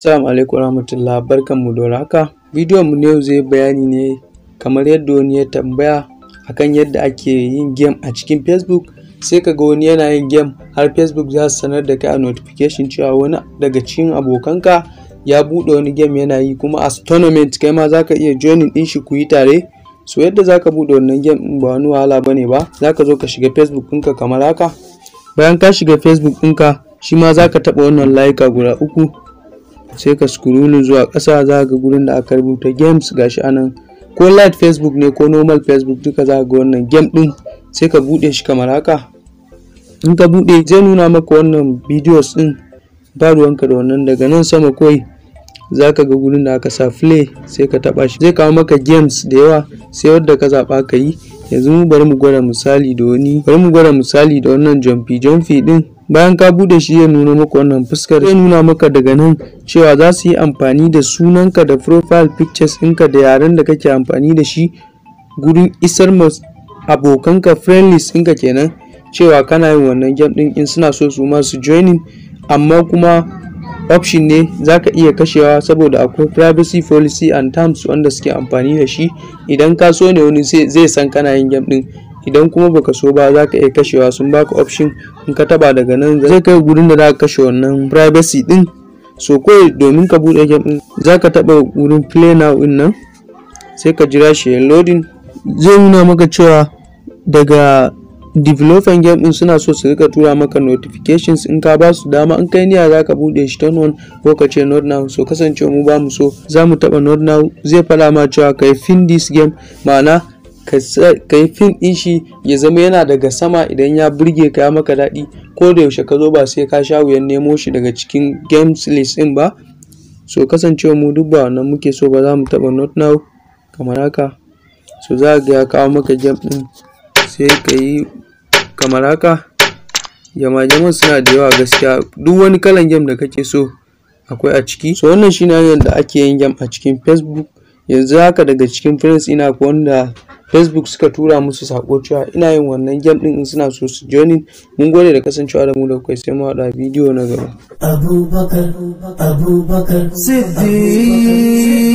Assalamu alaikum barkan mu da haka. Bidiyon mu na yau zai bayani ne kamar yadda wani ya tambaya akan yadda ake yin game a cikin Facebook sai kaga wani yana yin game har Facebook za su sanar da kai a notification cewa wani daga cikin abokanka ya buɗe wani game yana yi kuma as tournament kai ma zaka iya joining din shi ku yi tare. So yadda zaka buɗe wannan game din ba wani wahala bane ba zaka zo ka shiga Facebook ɗinka kamar haka. Bayan ka shiga Facebook ɗinka shima ma zaka taba wannan layuka guda uku sai ka scrolling zuwa ƙasa za ga gurin da aka rubuta games gashi anan ko light facebook ne ko normal facebook duka za ga wannan game din sai ka bude shi kamar haka in ka bude. zai nuna maka wannan videos din ba ruwanka da wannan daga nan sama koi za ka ga gurin da aka sa play sai ka taɓa shi zai kawo maka games da yawa sai wadda ka zaba ka yi yanzu mu bari mu gwada misali da wani bari mu gwada misali da wannan jumpy jumpy din bayan ka bude shi ya nuna maka wannan fuskar ya nuna maka daga nan cewa za su yi amfani da sunanka da profile pictures ɗinka da yaren da kake amfani da shi gurin isar ma abokanka friendlies ɗinka kenan cewa kana yin wannan game ɗin in suna so su masu su joining amma kuma option ne za ka iya kashewa saboda akwai privacy policy and terms wanda suke amfani da shi idan ka so ne wani zai san kana yin game ɗin idan kuma baka so ba za ka iya kashewa sun baka option in ka taba daga nan zai kai gurin da za ka kashe wannan privacy din so kawai domin ka bude game din za ka taba gurin play now din nan sai ka jira shi loading zai nuna maka cewa daga developing game din suna so su rika tura maka notifications in ka ba su dama in kai niyya za ka bude shi ta on ko ka ce not now so kasancewa mu ba mu so za mu taba not now zai fada ma cewa kai fin this game ma'ana ka yi fim ɗin shi ya zama yana daga sama idan ya burge ka ya maka daɗi ko da yaushe ka zo ba sai ka sha wuyan nemo shi daga cikin games list ɗin ba so kasancewa mu duk ba wannan muke so ba za mu taɓa not now kamar haka so za ga ya kawo maka game ɗin sai ka yi kamar haka jama-jaman suna da yawa gaskiya duk wani kalan game da kake so akwai a ciki so wannan shine hanyar da ake yin game a cikin facebook yanzu haka daga cikin friends ina akwai wanda facebook suka tura musu sako cewa ina yin wannan game din in suna so su joinin mun gode da kasancewa da mu da kai sai mu hada bidiyo na gaba abubakar abubakar siddiq